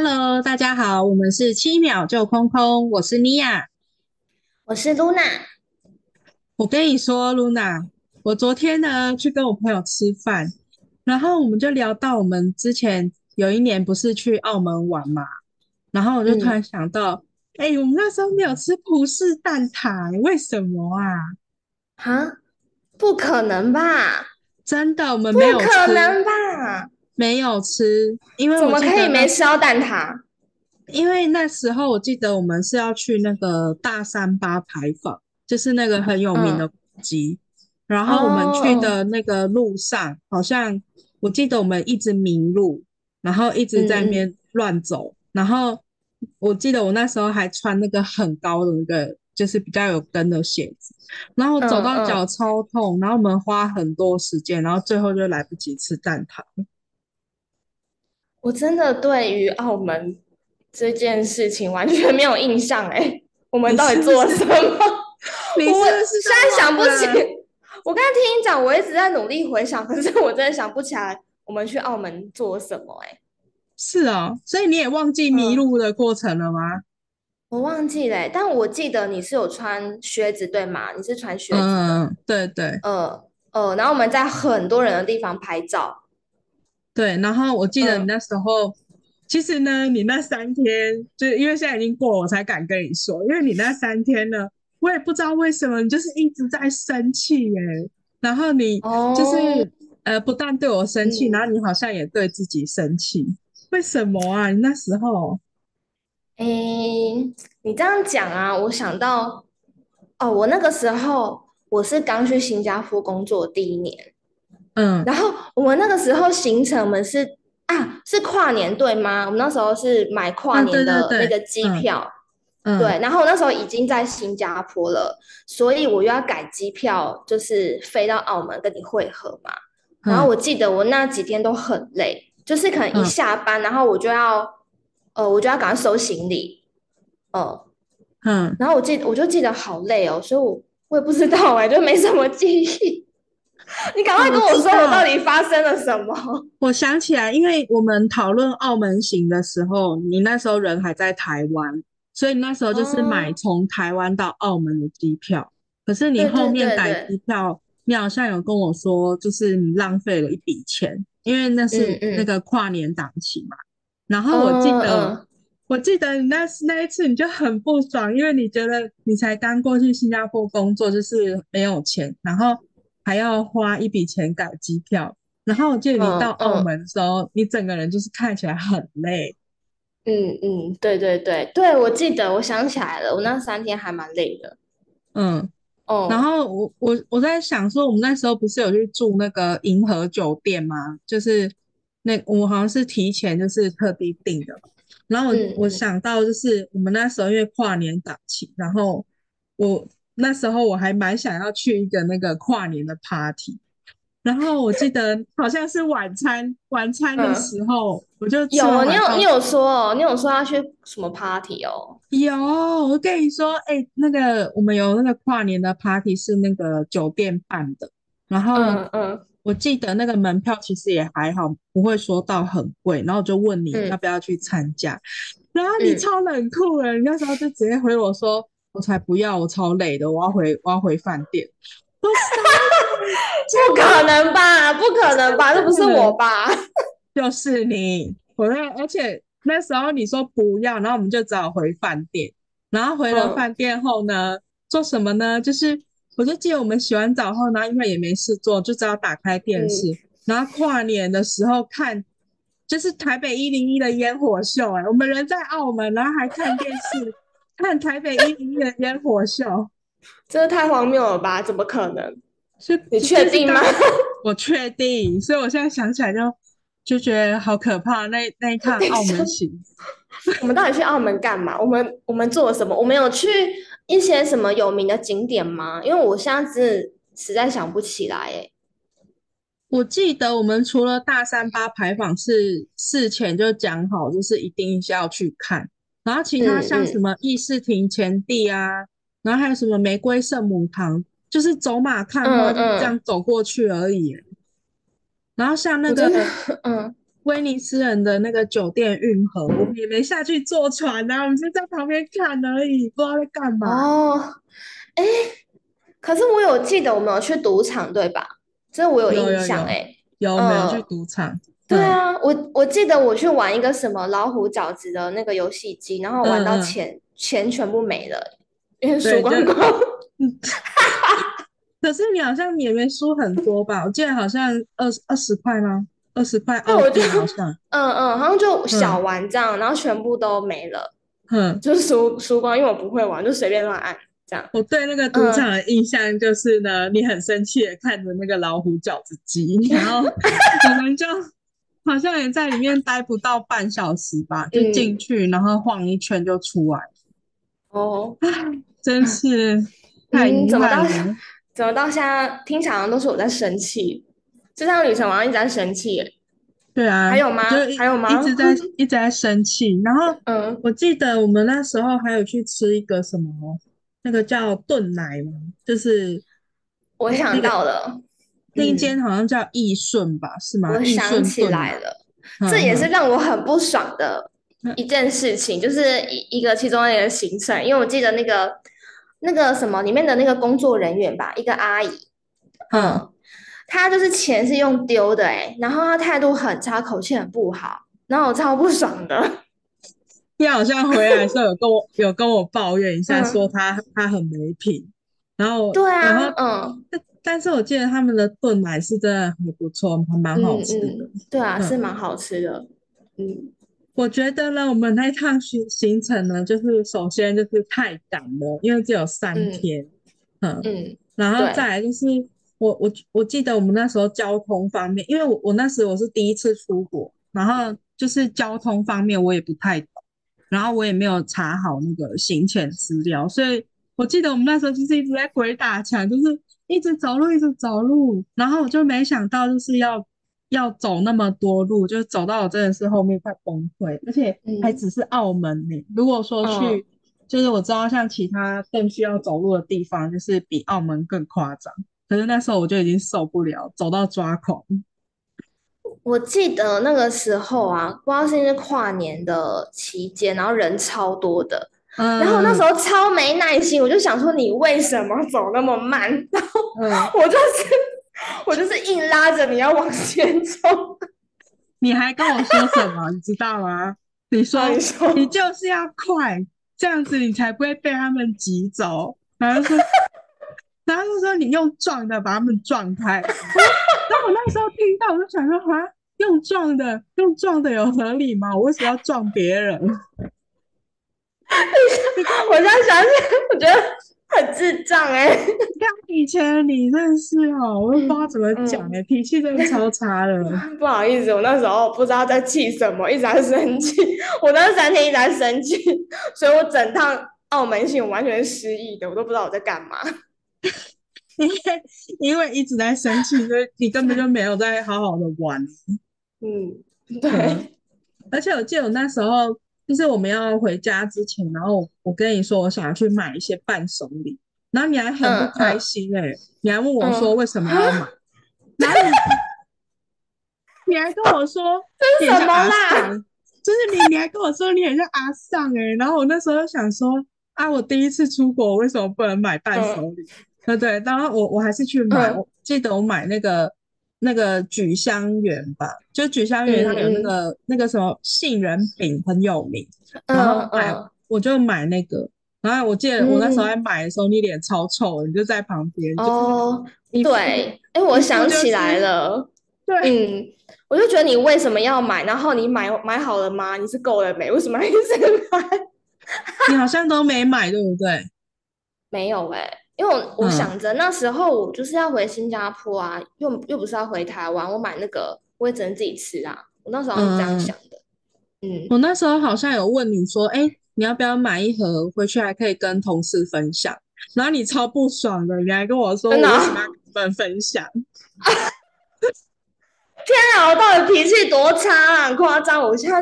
Hello，大家好，我們是七秒就空空，我是尼婭，我是嚕那。我跟你說，嚕那，我昨天呢去跟我朋友吃飯，然後我們就聊到我們之前有一年不是去澳門玩嘛，然後我就突然想到，哎、嗯欸，我們那時候沒有吃葡式蛋塔，為什麼啊？啊，不可能吧？真的，我們沒有吃。不可能吧？沒有吃，因為我們可以沒吃到蛋撻。因為那時候我記得我們是要去那個大三巴牌坊，就是那個很有名的古蹟。嗯、然後我們去的那個路上，哦、好像我記得我們一直迷路，嗯、然後一直在那邊亂走。嗯、然後我記得我那時候還穿那個很高的那個，就是比較有跟的鞋子，然後走到腳超痛。嗯、然後我們花很多時間，然後最後就來不及吃蛋撻。我真的對於澳門這件事情完全沒有印象哎、欸，我們到底做了什麼？我現在想不起。我剛才聽你講，我一直在努力回想，可是我真的想不起來我們去澳門做了什麼哎。是啊，所以你也忘記迷路的過程了嗎？我忘記了、欸，但我記得你是有穿靴子，對嗎？你是穿靴子。嗯，對對。嗯嗯，然後我們在很多人的地方拍照。對，然後我記得你那時候，嗯、其實呢，你那三天，就是因為現在已經過了，我才敢跟你說，因為你那三天呢，我也不知道為什麼，你就是一直在生氣耶、欸。然後你就是、哦、呃，不但對我生氣，嗯、然後你好像也對自己生氣，為什麼啊？你那時候，哎、嗯，你這樣講啊，我想到，哦，我那個時候我是剛去新加坡工作的第一年。嗯，然後我們那個時候行程我們是啊是跨年對嗎？我們那時候是買跨年的那個機票，嗯，對，對，對，嗯，嗯對，然後我那時候已經在新加坡了，所以我又要改機票，就是飛到澳門跟你會合嘛。然後我記得我那幾天都很累，嗯、就是可能一下班，嗯、然後我就要呃我就要趕快收行李，哦，嗯，嗯然後我記我就記得好累哦，所以我我也不知道哎，我就沒什麼記憶。你趕快跟我說，我到底發生了什麼？我想起來，因為我們討論澳門行的時候，你那時候人還在台灣，所以你那時候就是買從台灣到澳門的機票。哦、可是你後面改機票，對對對對，你好像有跟我說，就是你浪費了一筆錢，因為那是那個跨年檔期嘛。嗯嗯，然後我記得，嗯嗯，我記得你那那一次你就很不爽，因為你覺得你才剛過去新加坡工作，就是沒有錢，然後。還要花一筆錢搞機票，然後我記得你到澳門的時候，嗯嗯、你整個人就是看起來很累。嗯嗯，對對對對，我記得，我想起來了，我那三天還蠻累的。嗯，哦，然後我我我在想說，我們那時候不是有去住那個銀河酒店嗎？就是那我好像是提前就是特地訂的，然後我、嗯、我想到就是我們那時候因為跨年檔期，然後我。那時候我還蠻想要去一個那個跨年的 party，然後我記得好像是晚餐， 晚餐的時候、嗯、我就有，你有你有說、哦，你有說要去什麼 party 哦？有，我跟你說，哎、欸，那個我們有那個跨年的 party 是那個酒店辦的，然後嗯嗯，嗯我記得那個門票其實也還好，不會說到很貴，然後我就問你，你要不要去參加，嗯、然後你超冷酷的，嗯、你那時候就直接回我說。我才不要！我超累的，我要回，我要回飯店。不是，不可能吧？不可能吧？這 不是我吧？就是你，我那，而且那時候你說不要，然後我們就只好回飯店。然後回了飯店後呢，嗯、做什麼呢？就是我就記得我們洗完澡後，然後因為也沒事做，就只好打開電視。嗯、然後跨年的時候看，就是台北一零一的煙火秀、欸。哎，我們人在澳門，然後還看電視。 看台北一零一的煙火秀， 這太荒謬了吧？怎麼可能是就你確定嗎？我確定，所以我現在想起來就就覺得好可怕。那那一趟澳門行， 我們到底去澳門幹嘛？我們我們做了什麼？我們有去一些什麼有名的景點嗎？因為我現在是實在想不起來、欸。我記得我們除了大三巴牌坊是事前就講好，就是一定要去看。然後其他像什麼議事亭前地啊，嗯、然後還有什麼玫瑰聖母堂，嗯、就是走馬看花，就這樣走過去而已、欸。嗯嗯、然後像那個，嗯，威尼斯人的那個酒店運河，我們也沒下去坐船吶、啊，我們就在旁邊看而已，不知道在幹嘛。哦，哎、欸，可是我有記得我們有去賭場對吧？這我有印象哎、欸，有沒有去賭場？嗯對啊，我我記得我去玩一個什麼老虎餃子的那個遊戲機，然後玩到錢錢全部沒了，因為輸光光。可是你好像也沒輸很多吧？我記得好像二二十塊嗎？二十塊？哦，我記得好像。嗯嗯，好像就小玩這樣，然後全部都沒了。嗯，就是輸輸光，因為我不會玩，就隨便亂按這樣。我對那個賭場的印象就是呢，你很生氣的看着那個老虎餃子機，然後我們就。好像也在裡面待不到半小時吧，嗯、就進去，然後晃一圈就出來了。哦， 真是，你、嗯嗯、怎麼到怎麼到現在聽起來都是我在生氣，就像女神王一直在生氣。對啊，還有嗎？就一還有嗎？一直在 一直在生氣。然後，嗯，我記得我們那時候還有去吃一個什麼，那個叫燉奶嗎？就是，我想到了。那個嗯、那間好像叫易順吧，是嗎？我想起來了，這也是讓我很不爽的一件事情，嗯嗯，就是一一個其中的一個行程，因為我記得那個那個什麼裡面的那個工作人員吧，一個阿姨，嗯，她、嗯、就是錢是用丟的、欸、然後她態度很差，口氣很不好，然後我超不爽的。她好像回來的時候有跟我 有跟我抱怨一下說他，說她她很沒品，然後對啊，嗯。但是我記得他們的燉奶是真的很不錯，還蠻好吃的。嗯嗯、對啊，嗯、是蠻好吃的。嗯，我覺得呢，我們那一趟行行程呢，就是首先就是太趕了，因為只有三天。嗯，嗯，嗯。然後再來就是我我我記得我們那時候交通方面，因為我我那時我是第一次出國，然後就是交通方面我也不太懂，然後我也沒有查好那個行前資料，所以我記得我們那時候就是一直在鬼打牆，就是。一直走路，一直走路，然後我就沒想到就是要要走那麼多路，就走到我真的是後面快崩潰，而且還只是澳門呢、欸。嗯、如果說去，哦、就是我知道像其他更需要走路的地方，就是比澳門更誇張。可是那時候我就已經受不了，走到抓狂。我記得那個時候啊，不知道是不是跨年的期間，然後人超多的。嗯、然後那時候超沒耐心，我就想說你為什麼走那麼慢？然後我就是、嗯、我就是硬拉着你要往前衝，你還跟我說什麼？ 你知道嗎？你說，你說你就是要快，這樣子你才不會被他們擠走。然後說， 然後就說你用撞的把他們撞開。然後我那時候聽到，我就想說啊，用撞的用撞的有合理嗎？我為什麼要撞別人？ 我在想，想，我覺得很智障哎、欸。剛以前你認識哦、喔，我都不知道怎麼講哎、欸，嗯嗯、脾氣真的超差的。不好意思，我那時候不知道在氣什麼，一直在生氣。我那三天一直在生氣，所以我整趟澳門行我完全失憶的，我都不知道我在幹嘛。因為 因為一直在生氣，所以你根本就沒有在好好的玩。嗯，對嗯。而且我記得我那時候。就是我們要回家之前，然後我跟你說我想要去買一些伴手禮，然後你還很不開心哎、欸，嗯、你還問我說為什麼要買？哪裡、嗯？啊、你，你還跟我說這是什麼啦？就是你你還跟我說你很像阿桑哎、欸，然後我那時候想說啊，我第一次出國，為什麼不能買伴手禮？嗯、對對，然後我我還是去買，嗯、我記得我買那個。那個咀香園吧，就咀香園，它有那個、嗯、那個什麼杏仁餅很有名，嗯、然後買、嗯、我就買那個，然後我記得我那時候在買的時候，嗯、你臉超臭，你就在旁邊。哦，你不對，哎、就是欸，我想起來了，就是、對，嗯，我就覺得你為什麼要買？然後你買買好了嗎？你是夠了沒？為什麼還一直買？ 你好像都沒買，對不對？沒有哎、欸。因為我，我想着那時候我就是要回新加坡啊，嗯、又又不是要回台灣，我買那個，我也只能自己吃啊，我那時候是這樣想的。嗯，嗯我那時候好像有問你說，哎、欸，你要不要買一盒回去，還可以跟同事分享？然後你超不爽的，你還跟我說不喜歡跟別人分享。天、嗯、啊，我到底脾氣多差啊，很誇張！我現在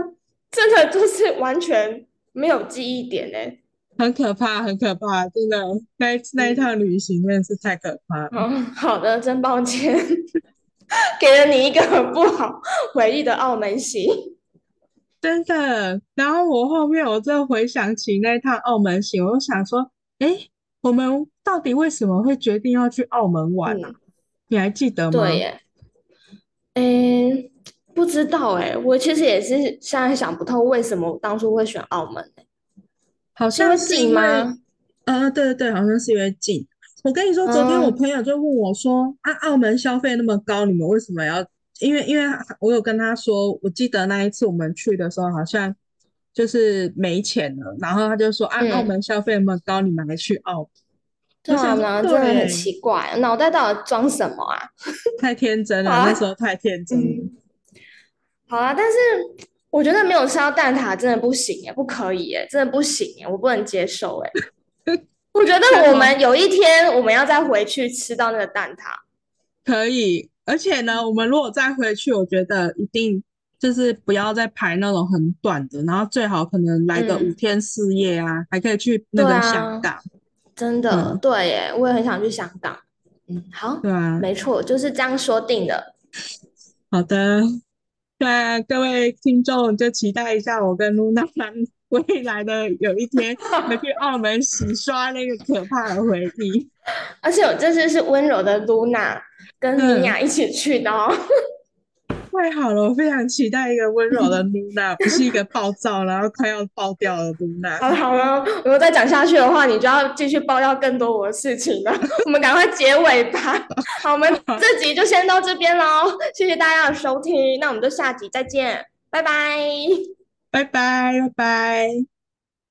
真的就是完全沒有記憶點嘞、欸。很可怕，很可怕，真的那一、那一趟旅行真的是太可怕了。嗯哦，好的，真抱歉， 給了你一個很不好回憶的澳門行。真的，然後我後面我就回想起那一趟澳門行，我就想說，哎，欸，我們到底為什麼會決定要去澳門玩呢？嗯啊，你還記得嗎？對耶。嗯，欸，不知道哎，欸，我其實也是現在想不通為什麼我當初會選澳門，欸好像是因為近嗎？啊，對對對，好像是因為近。我跟你說，昨天我朋友就問我說：“嗯、啊，澳門消費那麼高，你們為什麼要？”因為因為我有跟他說，我記得那一次我們去的時候，好像就是沒錢了，然後他就說：“啊，嗯、澳門消費那麼高，你們還去澳？”為什麼呢？真的對很奇怪，腦袋到底裝什麼啊？ 太天真了，啦那時候太天真了、嗯。好啊，但是。我覺得沒有吃到蛋撻真的不行哎，不可以哎，真的不行哎，我不能接受哎。 我覺得我們有一天我們要再回去吃到那個蛋撻，可以。而且呢，我們如果再回去，我覺得一定就是不要再排那種很短的，然後最好可能來個五天四夜啊，嗯、還可以去那個香港。啊、真的、嗯、對耶，我也很想去香港。嗯，好。對、啊，沒錯，就是這樣說定的。好的。那，各位聽眾就期待一下，我跟嚕那未來的有一天能去澳門洗刷那個可怕的回憶。 而且我這次是溫柔的嚕那跟尼婭一起去的哦、嗯。 太好了，我非常期待一個溫柔的嚕那，不是一個暴躁然後快要爆掉的嚕那。好了好了，如果再講下去的話，你就要繼續爆料更多我的事情了。 我們趕快結尾吧。 好，我們這集就先到這邊嘍， 謝謝大家的收聽，那我們就下集再見，拜拜，拜拜，拜拜。